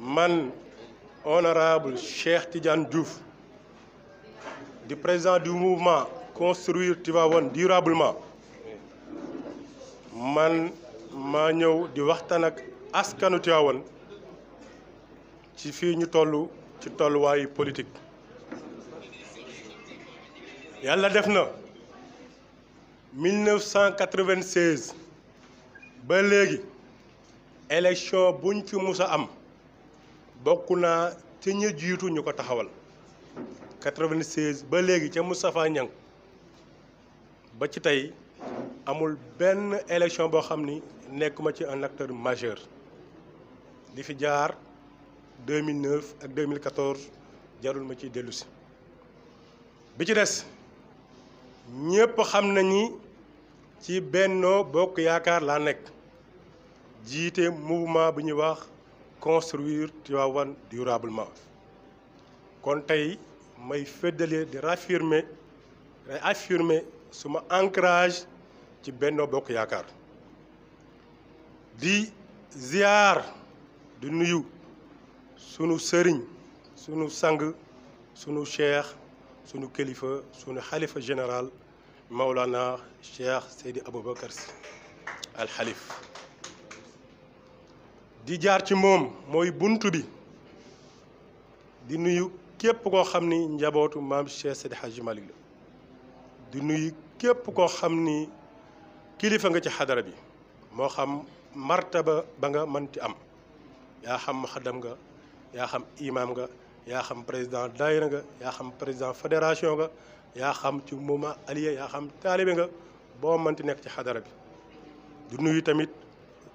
man honorable Cheikh Tidiane Diouf le président du mouvement construire Tiwaawan durablement man manio du di askanu politique 1996 ba élection buñ ci mus a am bokk naa ci ñi jiitu ñu ko taxawal 96 ba léegi ca Moustapha Niang ba ci tey amul benn élection boo xam ni nekkuma ci un acteur majeur di fi jaar 2009 ak 2014 jarul ma ci dellusi bi ci des ñépp xam na ci Benno Bokk Yaakaar laa nekk. jiite mouvement bu ñuy wax construire Tivaouane durablement kon tay may féddale di raffirmer affirmer suma ancrage ci Benno Bokk yakar di ziar du nuyu sunu serigne sunu sang sunu cheikh sunu kilifa sunu xalifa général Maulana Cheikh Seydi abou Sy al xalif di jaar ci moom mooy bunt bi di nuyu képp koo xam ni njabootu maam Cheikh Seydi Hadji Malick la di nuyu képp koo xam ni kilifa nga ci xadara bi moo xam martaba ba nga mënti am yaa xam muxaddam nga yaa xam imam nga yaa xam président daayira nga yaa xam président fédération nga yaa xam ci mouvement allié yaa xam taalibe nga boo mënti nekk ci xadara bi di nuyu tamit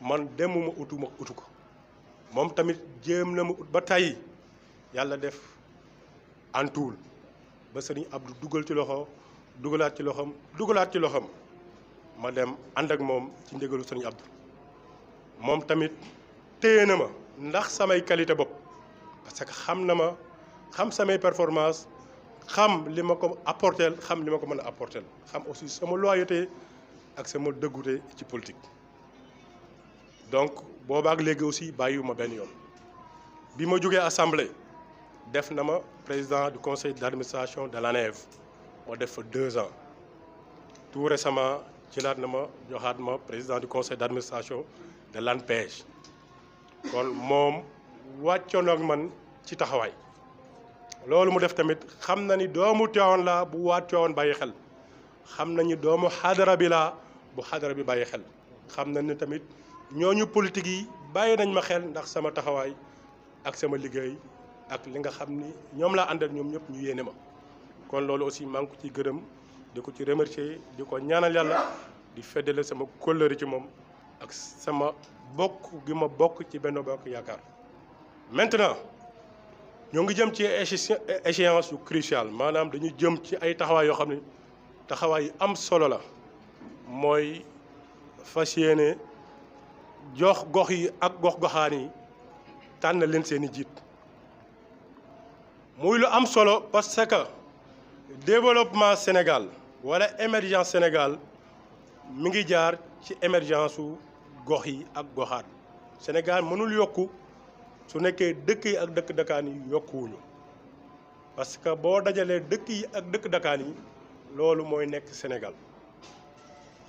man demuma utuma utu ko moom tamit jéem na ma ut ba tàyyi yàlla def antuwul ba sëriñ Abdou dugal ci loxo dugalaat ci loxoom dugalaat ci loxoom ma dem ànd ak moom ci njëgalu sëriñ Abdou moom tamit téye na ma ndax samay qualité bopp parce que xam na ma xam samay performance xam li ma ko apporteel xam li ma ko mën a apporteel xam aussi sama loyauté ak sama dëggute ci politique donc boobaak léegi aussi Bayou benn yoon bi ma assemblée def président du conseil d'administration de la ma def fa deux ans tout récemment jëlaat na ma ma président du conseil d'administration de l'ANPEJ kon moom wàccoon ak man ci taxawaay loolu mu def tamit xamna ni doomu Tiwaawan la bu waa Tiwaawan bàyyi xel xam ni doomu xadara bi la bu xadara bi baye xel xam ni tamit ñooñu politique yi bàyyi nañ ma xel ndax sama taxawaay ak sama liggéey ak li nga xam ni ñoom laa àndal ñoom ñëpp ñu yéene ma kon loolu aussi maa ngi ko ciy gërëm di ko ci remercier di ko ñaanal yàlla di feddale sama kóllëre ci moom ak sama bokk gi ma bokk ci benn bokk yaakaar maintenant ñoo ngi jëm ci échéance yu crucial maanaam dañu jëm ci ay taxawaay yoo xam ne taxawaay yu am solo la mooy fas yéene jox gox yi ak gox goxaan yi tànn leen seeni jiit muy lu am solo parce que développement Sénégal walla émergence Sénégal mu ngi jaar ci émergence su gox yi ak goxaat Sénégal mënul yokku su nekkee dëkk yi ak dëkk dakkaan yi yokkuwuñu parce que boo dajalee dëkk yi ak dëkk dakkaan yi loolu mooy nekk Sénégal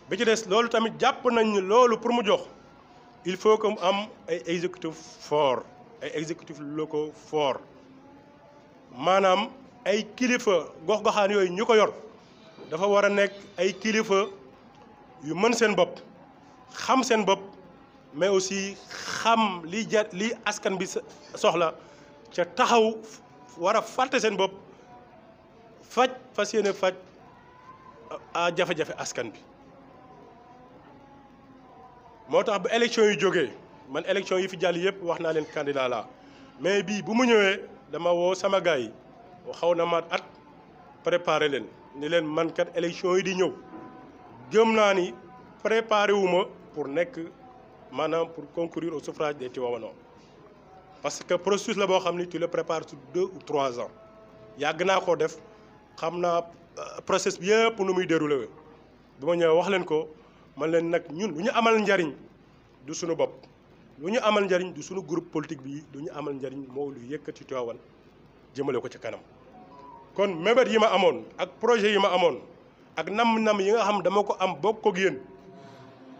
bi ci des loolu tamit jàpp nañ loolu pour mu jox il faut que am ay exécutif fort. ay exécutif locaux fort manam ay kilifa gox-goxaan yoy ñuko yor dafa wara nek ay kilifa yu mën sen bop xam sen bop mais aussi xam li li askan bi soxla ca taxaw wara a sen bop fajj faj fajj a jafe-jafe askan bi motax bu élection yi jógee man élection yi fi jàll yépp waxna len candidat la mais bi bu mu ñëwé dama woo sama gaay yi xaw maat at préparé len ni len man kat élection yi di ñëw gëm naa ni préparé wu pour nek manam pour concourir au suffrage des Tivaouanois parce que processus la bo xamni tu le prépares sur 2 ou 3 ans yàgg naa koo def xamna euh, process bi yëpp nu muy déroulé duma ñëw wax len ko. man leen nag ñun lu ñu amal njariñ du suñu bopp lu ñu amal njariñ du suñu groupe politique bi lu ñu amal njariñ moo lu yëkkati Tiwaawan jëmale ko ci kanam kon mébét yi ma amoon ak projet yi ma amoon ak namm nam yi nga xam dama ko am bokk ko yéen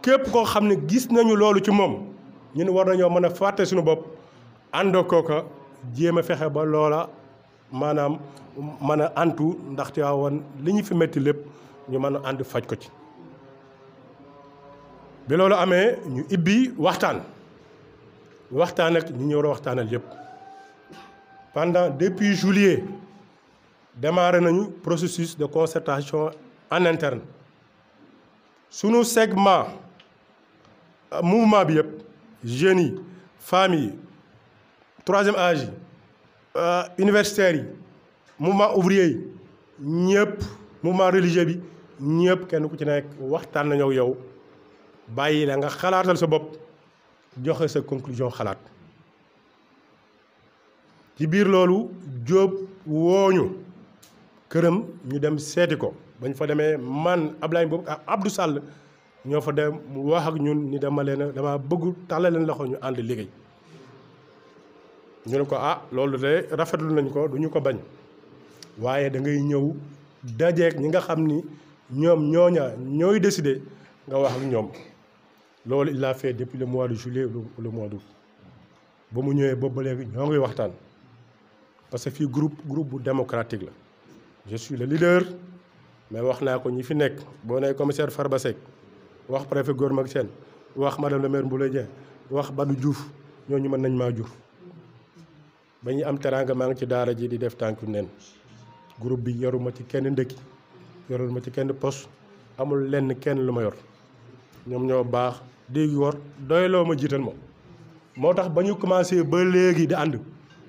képp koo xam ne gis nañu loolu ci moom ñun war nañoo mën a fàtte suñu bopp àndoo kooka jéem a fexe ba loola maanaam mën a antu ndax Tiwaawan li ñu fi métti lépp ñu mën a ànd faj ko ci bi loolu amee ñu ibbi waxtaan waxtaan ak ñu waxtaanal pendant depuis juillet démarré nañu processus de concertation en interne sunu nos euh, mouvement bi yépp jeunes Famille, troisième âge yi euh, universitaires mouvement ouvrier mouvement religieux bi ñëpp kenn ci bàyyi la nga xalaatal sa bopp joxe sa conclusion xalaat ci biir loolu Jóob wooñu këram ñu dem seeti ko bañ fa demee man Ablaye boobu ak Abdou Sall ñoo fa dem mu wax ak ñun ni dama leen dama bëggu tàllal leen loxo ñu ànd liggéey ñu ne ko ah loolu de rafetlu nañ ko du ñu ko bañ waaye dangay ñëw dajeek ñi nga xam ni ñoom ñooña ñooy décider nga wax ak ñoom loolu il l'a fait depuis le mois de juillet ou le mois d'août ba mu ñëwee bo ba léegi ñoo ngi waxtaan parce que fi groupe groupe démocratique là. je suis le leader mais waxna ko ñi fi nek bo né commissaire Farba Seck wax préfet Gorma Sène wax madame le maire Mbouleye wax Badou Diouf ñooñu mën nañ ma jur ba ñuy am teraanga ma ngi ci daara ji di def tànku neen groupe bi yoruma ci kenn ndëkki yoruma ci kenn poste amul lenn kenn luma yor ñom ñoo baax dégg wor doyloo ma jiital ma moo ba commencé ba léegi di and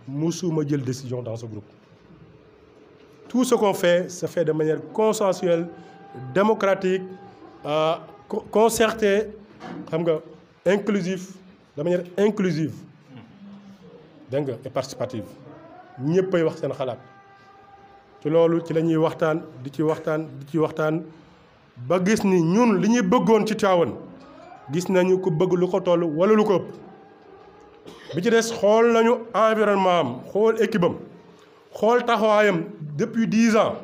musuma jël décision dans ce groupe tout ce qu'on fait se fait de manière consensuelle démocratique euh, concertée xam nga inclusif de manière inclusive deng nga et participative ñeppay wax sen xalaat ci loolu ci lañuy waxtaan di ci waxtaan di ci waxtaan ba gis ni ñun li ñuy bëggoon ci Tivaouane gis nañu ku bëgg lu ko toll wala lu ko ëpp bi ci des xool nañu environnement am xool équipe am xool taxawaayam depuis dix ans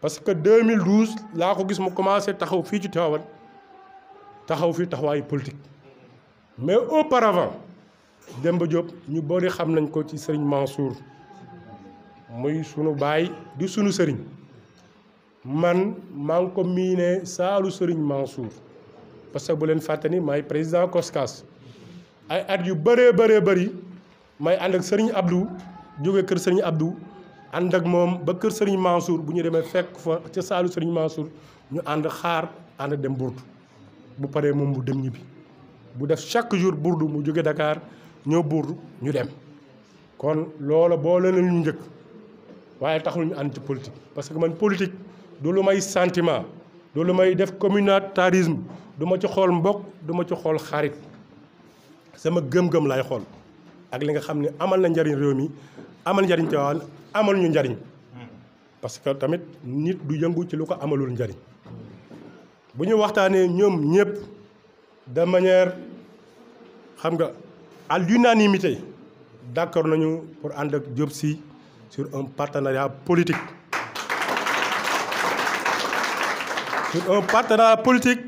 parce que 2012 laa ko gis mu commencé taxaw fii ci Tivaouane taxaw fii taxawaayu politique mais auparavant Demba Diop ñu bëri xam nañ ko ci sëriñ Mansour muy sunu baay di sunu sëriñ man maa ngi ko miinee saalu sëriñ Mansour. parce que bu leen fàtte ni maay président COSCAS ay at yu bëree bëree bari may ànd ak sëriñ Abdou jóge kër sëriñ Abdou ànd ak moom ba kër sëriñ Mansour bu ñu demee fekk fa ca saalu sëriñ Mansour ñu ànd xaar ànd dem burdu bu paree moom bu dem ñibbi bu def chaque jour burdu mu jóge dakaar ñoo burdu ñu dem kon loola boo leen ñu njëkk waaye taxul ñu ànd ci politique parce que man politique du lu may sentiment loolu may def communautarisme du ma ci xool mbokk du ma ci xool xarit sama gëm-gëm laay xool ak li nga xam ne amal na njariñ réew mi amal njariñ Tiwaawan amal ñu njariñ parce que tamit nit du yëngu ci lu ko amalul njariñ bu ñu waxtaanee ñoom ñëpp de manière xam nga à l'unanimité d'accord nañu pour ànd ak Diop sur un partenariat politique sur un partenariat politique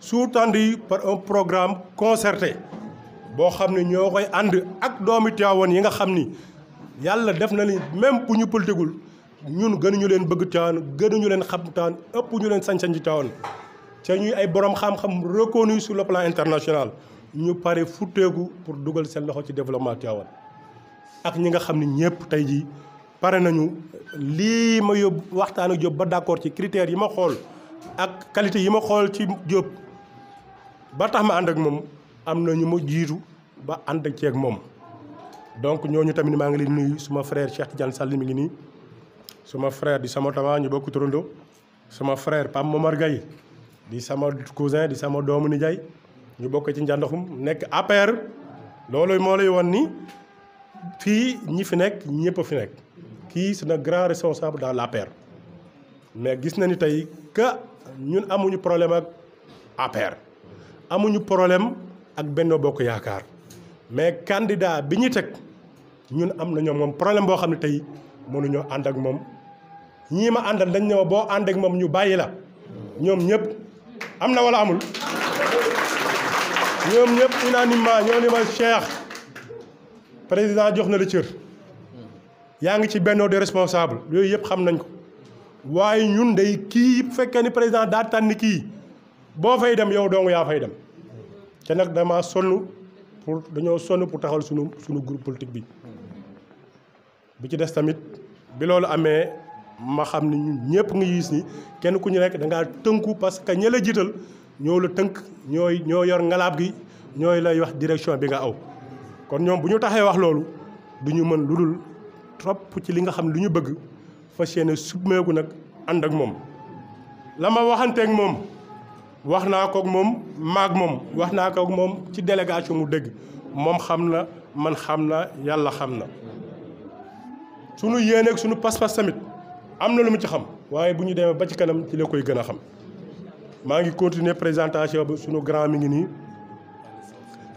sous-tendu par un programme concerté boo xam ne ñoo koy ànd ak doomi Tivaouane yi nga xam ni yàlla def na ni même bu ñu politikul ñun gënuñu leen bëgg Tivaouane gënuñu leen xam Tivaouane ëpp ñu leen sañ-sañ ci Tivaouane ci ñuy ay borom xam-xam reconnu sur le plan international ñu paré futteeku pour duggal seen loxo ci développement Tivaouane ak ñi nga xam ne ñëpp tey jii pare nañu li ma yob waxtaan ak Diop ba d'accord ci critères yi ma xol ak qualité yi ma xool ci Diop ba tax ma ànd ak moom am na ñu ma jiitu ba ànd ak ceeg moom donc ñooñu tamit maa ngi leen nuyu suma frère Cheikh Tidiane Sall mi ngi nii suma frère di sama tama ñu bokk turando suma frère Pam Momar Gaye di sama cousin di sama doomu nijaay ñu bokk ci njàndaxum nekk APR loolu moo lay won ni fii ñi fi nekk ñëpp fi nekk kii c'est un grand responsable dans l'APR mais gis nañu tay ka ñun amuñu problème ak APR amuñu problème ak Benno Bokk yaakar mais candidat biñu tek ñun am nañu mom problème bo xamni ne mënu mënuñoo and ak mom ñi ma andal dañ ne ma boo ak mom ñu bayyi la ñom ñëpp amna wala amul ñom ñëpp unanimement ñoo ni ma Cheikh président jox na la cër ci Benno de responsable yoy yep xam nañ ko waaye ñun day kii bu fekkee ni président daa tànn kii boo fay dem yow dong yaa fay dem te nag damaa sonn pour dañoo sonn pour taxal sunu sunu groupe politique bi bi ci des tamit bi loolu amee ma xam ni ñun ñëpp nga gis ni kenn ku ñu rekk da ngaa tënku parce que ña la jiital ñoo la tënk ñooy ñoo yor ngalaab gi ñooy lay wax direction bi nga aw kon ñoom bu ñu taxee wax loolu duñu mën lu dul trop ci li nga xam lu ñu bëgg. fas yéene submeeku nag ànd ak moom la ma waxanteeg moom wax naa kook moom maak moom wax naa kook moom ci délégation mu dégg moom xam na man xam na yàlla xam na sunu yéene ak sunu pas-pas samit am na lu mu ci xam waaye bu ñu demee ba ci kanam ci la koy gën a xam maa ngi continuer présentation bi sunu grand mi ngi nii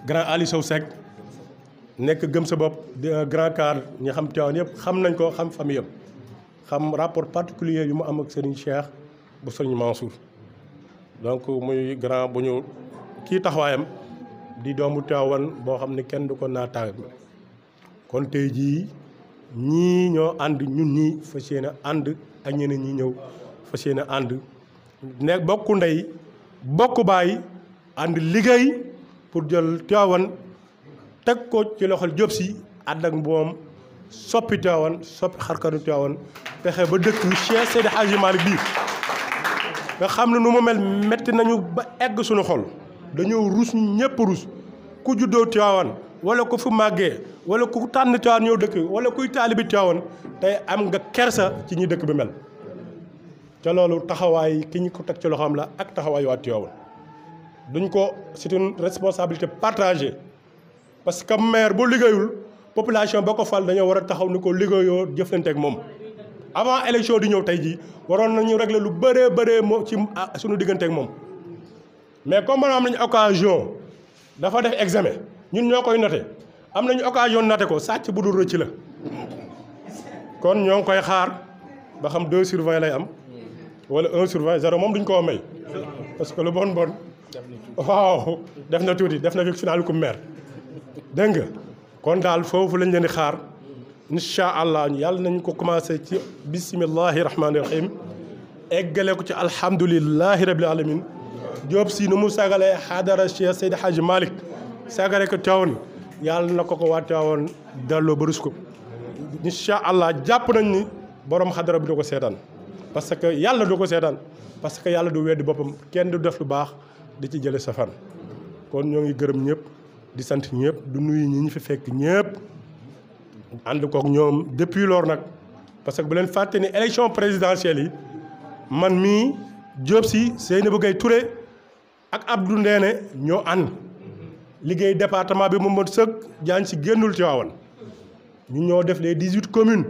grand Ali Sow Seck nekk gëm sa bopp euh, grand cadre ñi xam Tivaouane yëpp xam nañ ko xam famille yëpp xam rapport particulier yu mu am ak Serigne Cheikh bu Serigne Mansour donc muy grand bu ñu kii taxawaayam di doomu Tiwaawan boo xam ne kenn du ko naataal kon tey jii ñii ñoo ànd ñun ñii fas yéene ànd ak ñeneen ñi ñëw fas yéene ànd ne bokku ndey bokku baay ànd liggéey pour jël Tiwaawan teg ko ci loxol Jóob si ànd ak soppi Tiwaawan soppi xarkanu Tiwaawan fexe ba dëkk Cheikh Seydi Hadji Malick bii nga xam ne nu mu mel metti nañu ba egg suñu xol dañoo rus ñëpp rus ku juddoo Tiwaawan wala ko fu màggee wala ku tànn Tiwaawan ñëw dëkk wala kuy taalibi Tiwaawan tey am nga kersa ci ñi dëkk bi mel ca loolu taxawaay ki ñu ko teg ci loxoom la ak taxawaay waa Tiwaawan duñ ko c'est une responsabilité partage parce que maire boo liggéeyul population ba ko fal dañoo war a taxaw ni ko liggéeyoo jëflante ak moom avant élection di ñëw tey jii waroon nañu régler lu bëree bëree moo ci ah, suñu diggante moom mais comme am nañu dafa def examen ñun ñoo koy noté am nañu occasion noté ko sàcc bu dul rëcc la kon ñoo ngi koy xaar ba xam 2 sur 20 lay am wala 1 sur 20 zéro moom duñ koo may parce que lu bon bon waaw def na tuuti def na fi final ku maire dégg nga kon daal foofu lañ leen di xaar incha allah yàlla nañ ko commencé ci bisimillahi rahmaani rahim eggale ko ci alhamdulilahi rabil alamin Diop sii ni mu sagalee xaadara Cheikh Seydi Hadji Malick sagale ko teewoon yàlla na ko ko waa teewoon dalloo barus ko incha allah jàpp nañ ni borom xadara bi du ko seetaan parce que yàlla du ko seetaan parce que yàlla du weddi boppam kenn du def lu baax di ci jële safan kon ñoo ngi gërëm ñëpp di sant ñëpp du nuyu ñi ñu fi fekk ñëpp ànd kook ñoom depuis lors nag parce que bu leen fàtte ni élection présidentielle yi man mii Diop si Seynabou Gaye Touré ak Abdou Ndéné ñoo ànd liggéey département bi moom mat sëg jaan si génnul ci waawan ñu ñoo def les dix huit communes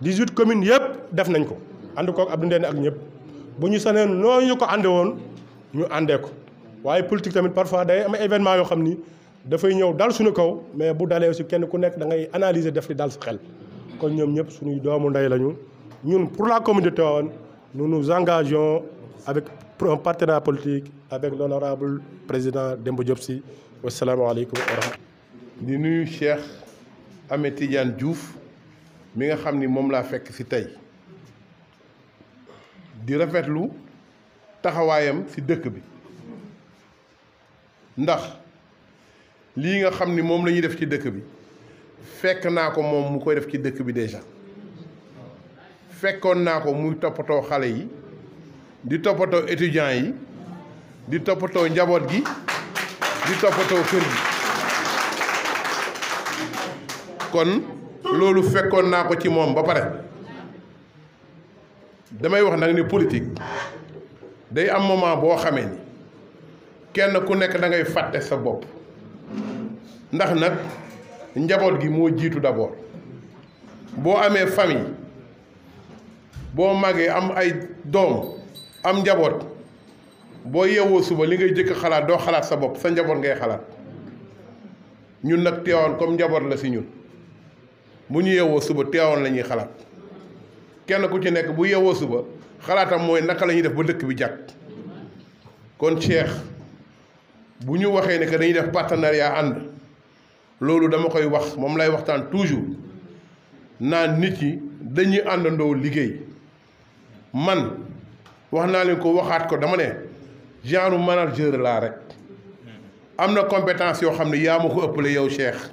dix huit communes yëpp def nañ ko ànd kook Abdou Ndéné ak ñëpp bu ñu saneen noonu ñu ko ànde ñu àndee ko waaye politique tamit parfois day am événement yoo xam ni dafay ñëw dal suñu kaw mais bu dalee aussi kenn ku nekk da ngay analyser def li dal sa xel kon ñoom ñëpp suñuy doomu ndey lañu ñun pour la communauté Tivaouane nous nous engageons avec un partenariat politique avec l'honorable président Demba Diop Sy wasalaamaaleykum wa rahmatulah. di nuyu Cheikh Ahmed Tidiane Diouf mi nga xam ni moom laa fekk ci tey di rafetlu taxawaayam ci dëkk bi ndax li nga xamni mom lañuy def ci dëkk bi fekk naa ko mu koy def ci bi déjà fekkoon naa muy toppatoo xale yi di toppatoo étudiants yi di toppatoo njaboot gi di toppatoo kër gi kon loolu fekkoon naa ci moom ba pare damay wax politique day am moment boo xamee kenn ku nekk da ngay fàtte sa bopp ndax nag njaboot gi moo jiitu d'abord boo amee famille boo màggee am ay doom am njaboot boo yeewoo suba li ngay jëkk xalaat doo xalaat sa bopp sa njaboot ngay xalaat ñun nag teewoon comme njaboot la si ñun mu ñu yeewoo suba teewoon lañuy xalaat kenn ku ci nekk bu yeewoo suba xalaatam mooy naka lañu def ba dëkk bi jàkk kon Cheikh bu ñu waxee ne que dañuy def partenariat ànd loolu dama koy wax moom lay waxtaan toujours naan nit yi dañuy àndandoo liggéey man wax naa leen ko waxaat ko dama ne genre manager laa rek am na compétence yoo xam ne yaa ma ko ëppale yow seex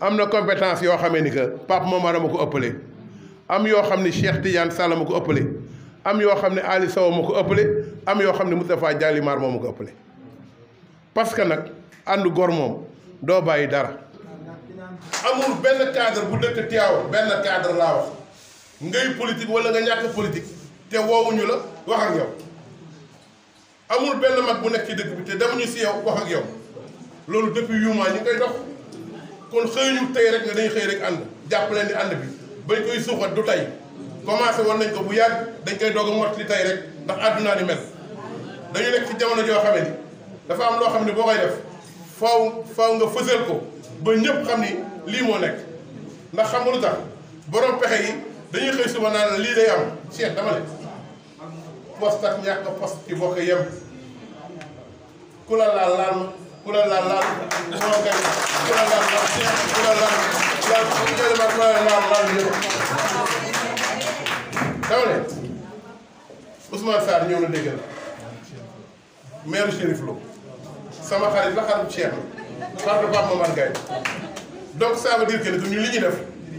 am na compétence yoo xamee ni que Pape Momar ma ko ëppale am yoo xam ne Cheikh Tidiane Sall ma ko ëppale am yoo xam ne Ali Sow ma ko ëppale am yoo xam ne Moustapha Dialimar moo ma ko ëppale parce que nag ànd gor moom doo bàyyi dara. amul benn cadre bu dëkk Tivaouane benn cadre laa wax ngay politique wala nga ñàkk politique te woowuñu la wax ak yow amul benn mag bu nekk ci dëkk bi te demuñu si yow wax ak yow loolu depuis huit mois ñu koy dox kon xëyuñu tey rek nga dañu xëy rek ànd jàpp leen di ànd bi bañ koy suuxat du tey commencé woon nañ ko bu yàgg dañ koy doog a mottali tey rek ndax àddunaa di mel dañu nekk ci jamono joo xam ne dafa am loo xam ne boo koy def faw faw nga fësal ko ba ñëpp xam ni lii moo nekk ndax xam nga lu tax borom pexe yi dañuy xëy suba naan lii day am Cheikh dama ne post ak ñàkk post ci bokk yem ku la laal laal ku la laal laal moo gën ku la laal laal Cheikh ku la laal laal ku la laal laal laal ñëpp dama ne Ousmane Sarr ñëw na dégg la maire Chérif Lo sama xarit la xarit Cheikh la xaritu Pape Momar gay donc ça veut dire que ñu li ñu def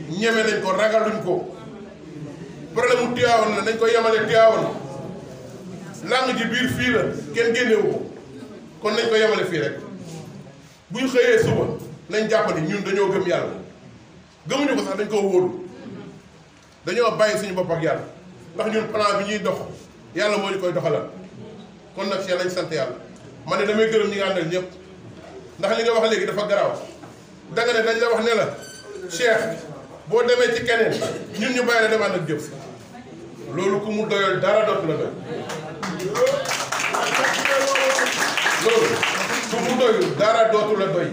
ñëmé nañ ko ragaluñ ko problème mu Tiwaawan nañ ko yamalé tiawon làng ji bir fi la kenn génnewu ko kon nañ ko yamalé fi rek bu ñu xëyee suba nañ jappali ñun dañu gëm yàlla gëmuñu ko sax dañ ko wool dañu bayyi suñu bop ak yalla ndax ñun plan bi ñuy dox yalla mo ñu koy doxalal kon nak ci lañ sante yalla ma ne damay gërëm ñi nga àndal ñëpp ndax li nga wax léegi dafa garaw danga ne dañ la wax ne la Cheikh boo demee ci keneen ñun ñu bàyyi la dem ànd jëf loolu mu doyal dara dootu la loolu ku mu doyul dara dootu la doy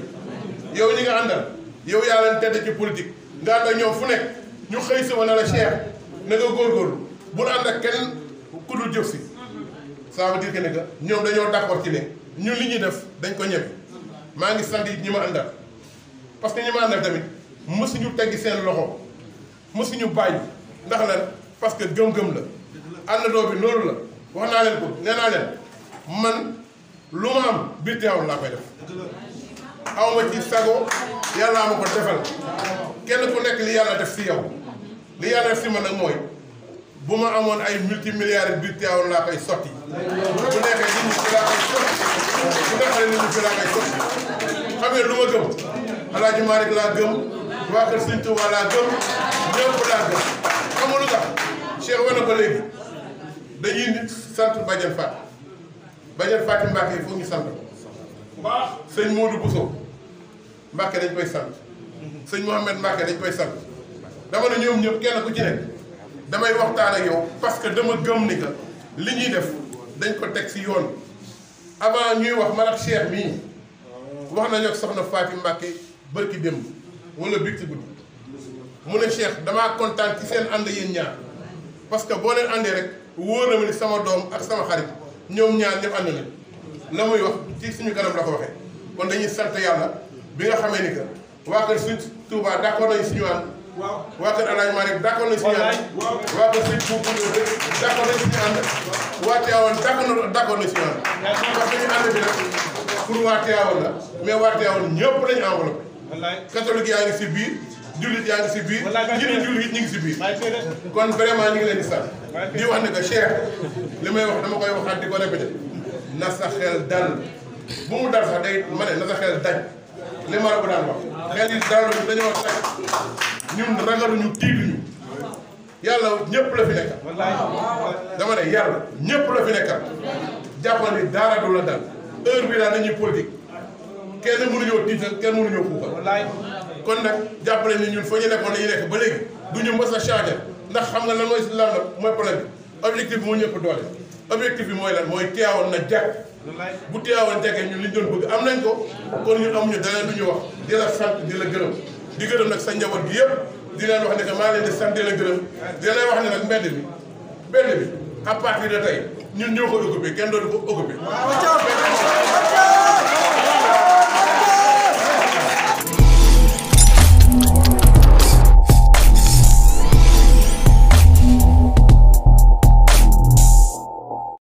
yow ñi nga àndal yow yaa leen tedd ci politique nga ànd ak ñoom fu nekk ñu xëy si ma ne la Cheikh na nga góorgóorlu bul ànd ak kenn ku dul jëf si ça veut dire que ne ñoom dañoo d'accord ci ne ñun li ñuy def dañ ko ñeme maa ngi sant it ñi ma àndal parce que ñi ma àndal tamit mësuñu teggi seen loxo mësuñu bàyyi ndax lan parce que gëm-gëm la àndandoo bi noonu la wax naa leen ko nee naa leen man lu ma am biir Tiwaawan laa koy def aw ma ci sago yàllaa ma ko defal kenn ku nekk li yàlla def si yow li yàlla def si man nag mooy bu ma amoon ay multimilliards biir Tivaouane laa koy sotti bu neexee nit ñi fi laa koy sotti bu lu ma gëm El Hadj Malick laa gëm waa kër Sëriñ Tuubaa laa gëm ñëpp laa gëm xam nga lu tax wane ko léegi dañuy nit sant Badiane Fatou Badiane Fatou Mbacke foog ñu sant waaw sëñ Modou Bousso Mbacke dañ koy sant sëñ Mouhamed Mbacke dañ koy sant dama ne ñoom ñëpp kenn ku ci nekk. damay waxtaan ak yow parce que dama jom ni que li ñuy def dañ ko teg ci yoon avant ñuy wax man ak Cheikh mii wax nañu ak soxna Fatou Mbacke bërki démb wala biig ci guddi mu ne Cheikh damaa kontaan ci seen ànd yéen ñaar parce que boo leen àndee rek wóor na ma ni sama doom ak sama xarit ñoom ñaar ñëpp ànd na la muy wax ci suñu kanam la ko waxee kon dañuy sant yàlla bi nga xamee ni que waa kër suñ Touba d'accord nañu suñu ànd waaw waa kër El Hadj Malick d'accord nañ si ñu ànd. waaw waa kër sëñ Bou Kounta d'accord nañ si ñu ànd. waa Tivaouane d'accord d'accord nañ si ñu ànd. bi nag pour waa Tivaouane la mais waa Tivaouane ñëpp lañu ñu ngi si biir kon vraiment ñu ngi leen di sant di wax ne que Cheikh li may wax dama koy waxaat di ko répété na sa xel dal bu mu dal sax ma ne na xel daj li ma la ko wax xel yi dal dañoo daj ñun ragaluñu tiituñu yàlla ñëpp la fi nekkal dama ne yàlla ñëpp la fi nekkal jàppal ni dara na la dal heure bi daal nañuy politique kenn mënuñoo tiital kenn mënuñoo puukal kon nag jàppale ni ñun fa ñu nekkoon dañuy nekk ba léegi du ñu mës a changer ndax xam nga la mooy lan la mooy problème bi objectif bi moo ñëpp doole objectif bi mooy lan mooy teewoon na jàkk bu teewoon jàkkee ñun li ñu doon bëgg am nañ ko kon ñun ñu dara lu ñu wax di la sant di la gërëm di gërëm nag sa njaboot gi yëpp di leen wax ne que maa leen di sant di la gërëm di leen wax ne nag mbedd bi mbedd bi à partir de tey ñun ñoo ko occupé kenn